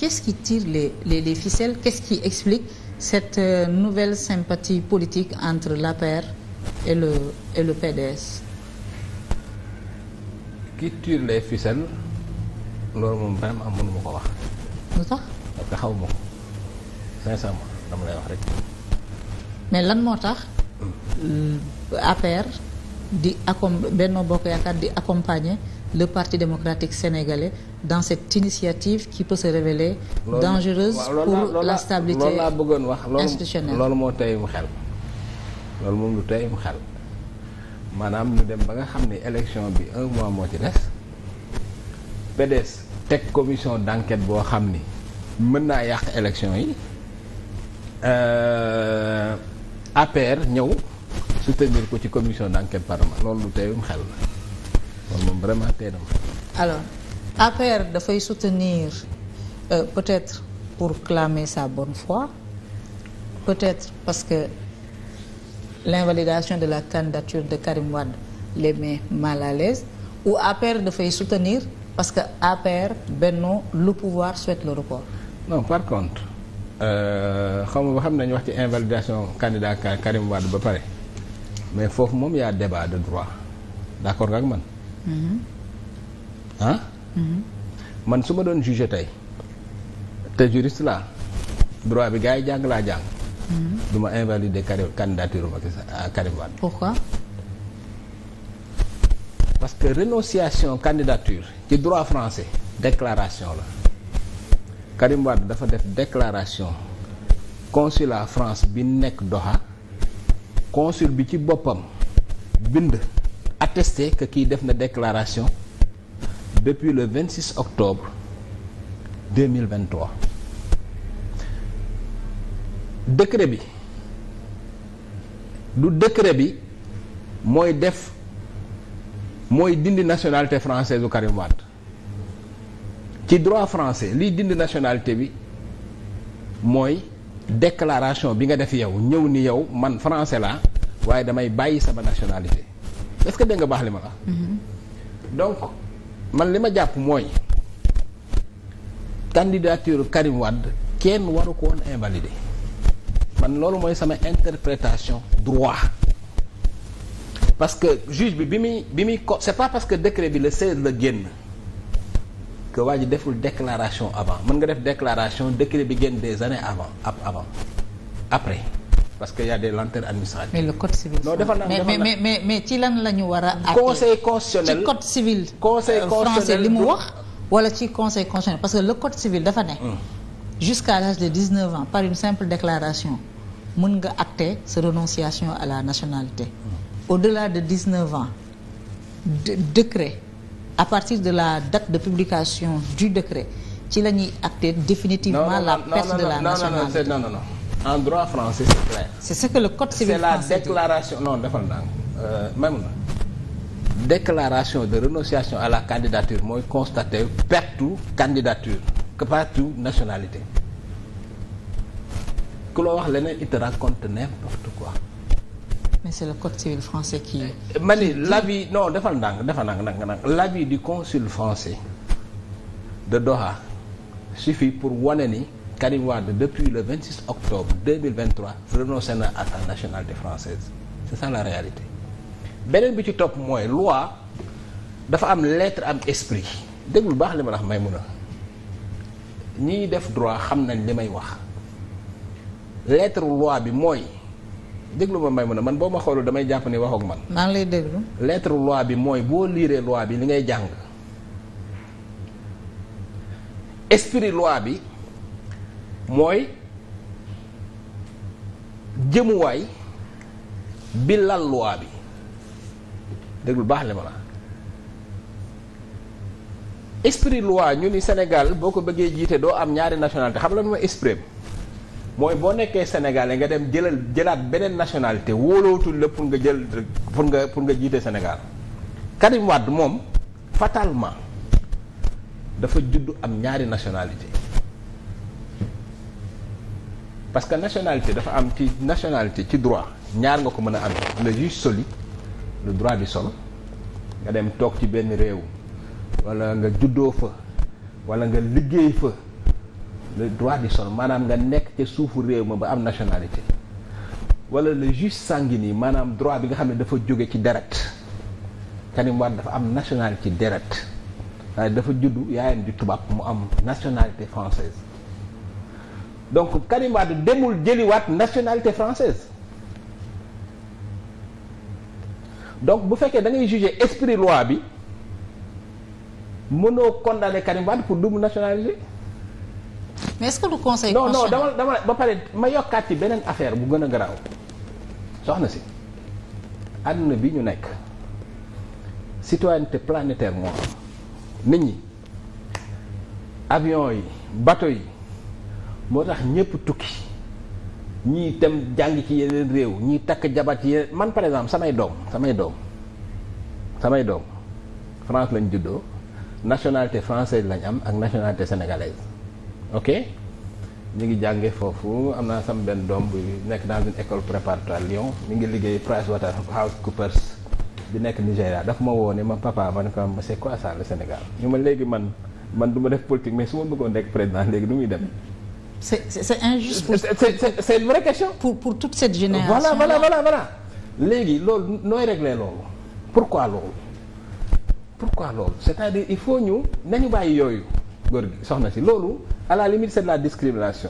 qu'est-ce qui tire les, les, les ficelles Qu'est-ce qui explique cette euh, nouvelle sympathie politique entre l'APR et le, le PDS Qui tire les ficelles loolu moom vraiment mënuma ko wax. lu tax. parce que xaw ma ko sincèrement dama lay wax rek. mais lan moo tax. Mm. Euh, APR. di accom Benno Bokk Yaakaar di accompagner le Parti démocratique sénégalais dans cette initiative qui peut se révéler dangereuse pour la stabilité institutionnelle loolu moo tey mu xel loolu moom lu tey mu xel maanaam lu dem ba nga xam ne élection bi un mois moo ci des PDS teg commission d'enquête boo xam ni mën naa yàq élection yi euh, APR ñëw soutenir ko ci commission d'enquête parlementaire loolu teewum xel la loolu moom vraiment tee na ma alors APR dafay soutenir euh, peut-être pour clamer sa bonne foi peut-être parce que l'invalidation de la candidature de Karim Wade les met mal à l'aise ou APR dafay soutenir parce que APR Benno le pouvoir souhaite le report non par contre euh, xaw ma ba xam ñu wax ci invalidation candidat Karim Wade ba pare mais foofu moom y a débat de droit d'accord nga ak man. ah. man su ma doon jugé tey te juriste laa droit bi gars yi jàng laa jàng. Mm-hmm. du ma invalider candidature Macky Sall Karim Wade. pourquoi. parce que renonciation candidature ci droit français déclaration la Karim Wade dafa def déclaration consulat France bi nekk Doha. consul bi ci boppam bind attesté que kii def na déclaration depuis le 26 octobre 2023 décret bi du décret bi mooy def mooy dindi nationalité française du Karim Wade ci droit français liy dindi nationalité bi mooy déclaration bi nga def yow ñëw ni yow man français la waaye damay bàyyi sama nationalité est-ce que dégg nga baax li ma la mm-hmm. donc man li ma jàpp mooy candidature Karim Wade kenn waru ko man loolu mooy sama interprétation droit parce que juge bi bi muy bi muy c'est pas parce que décret bi la 16 la génn que waa ji deful déclaration avant mën nga def déclaration décret bi génn des années avant après parce que y a des lenteurs administratives. mais le code civil. non defal naa mais mais mais mais ci lan la ñu war a. conseil constitutionnel ci code civil. conseil euh, constitutionnel li mu wax. wala ci conseil constitutionnel parce que le code civil dafa ne. Hmm. jusqu'à l'âge de 19 ans par une simple déclaration mën nga acter sa renonciation à la nationalité. Hmm. au-delà de 19 ans de décret. à partir de la date de publication du décret ci la ñuy acter définitivement non, la perte de la nationalité non non non en droit français c'est ce que le code civil français c'est la déclaration non defal euh, de renonciation à la candidature mooy constater perte candidature que perte nationalité ku la wax leneen il te raconte n'importe quoi. mais c'est le code civil français qui. ma ni l'avis defal ndànk defal ndànk ndànk ndànk l'avis du consul français de su fi pour wane ni Karim Wade depuis le 26 octobre 2023 renoncé na à sa nationalité française c'est ça la réalité beneen bi ci topp mooy loi dafa am lettre am esprit déglu baax li ma wax may mun a ñiy def droit xam nañ li may wax lettre loi bi mooy. déglu ma may mun a man boo ma xoolul damay jàpp ni wax ak man. maa ngi lay déglu. lettre loi bi mooy boo liiree loi bi li ngay jàng esprit loi bi mooy jëmuwaay bi lal loi bi déglu baax li ma la esprit loi ñu ni senegal boo ko bëggee jiite doo am ñaari nationalité xam la mooy esprit mooy boo nekkee sénégalais nga dem jëlal jëlaat beneen nationalité wóolootul la pour nga jël pour nga pour nga jiite Sénégal Karim Wade moom fatalement dafa judd am ñaari nationalité parce que nationalité dafa am ci nationalité ci droit ñaar nga ko mën a am le juge soli le droit di sol nga dem toog ci benn réew walla nga juddoo fa walla nga liggéey fa le droit du sol maanaam nga nekk ca suufu réew ma ba am nationalité wala le jus sanguinis maanaam droit bi nga xam ne dafa jóge ci deret Karim dafa am nationalité deret waaye dafa juddu yaayam di tubaab mu am nationalité française donc Karim Wade demul jëliwaat nationalité française donc bu fekkee dangay ngay juger esprit loi bi mënoo condamner Karim Wade pour double nationalité mais est-ce que du conseil. non non dama dama ba pare ma yokkaat ci beneen affaire bu gën a garaaw soxna si àdduna bi ñu nekk citoyenneté planetaire moo nit ñi avion yi bateau yi moo tax ñëpp tukki ñii dem jàng ci yeneen réew ñii takk jabar ci yeneen man par exemple samay doom samay doom samay doom France lañ juddoo nationalité française lañ am ak nationalité sénégalaise. ok ñu ngi jànge foofu am naa sama benn doom bu nekk dans une école préparatoire Lyon mi ngi liggéey PricewaterhouseCoopers bi nekk Nigéria dafa ma woo ma papa ma ne ko ma c'est quoi ça le Sénégal ñu ma léegi man man du ma def politique mais su ma bëggoon nekk président léegi nu muy dem. c'est c'est injuste. Pour, c'est, c'est, c'est une vraie question. pour pour toute cette génération. voilà voilà voilà voilà léegi loolu nooy régler loolu. pourquoi loolu. pourquoi loolu c'est-à-dire il faut ñu nañu bàyyi yooyu góor gi soxna si loolu. à la limite c'est discrimination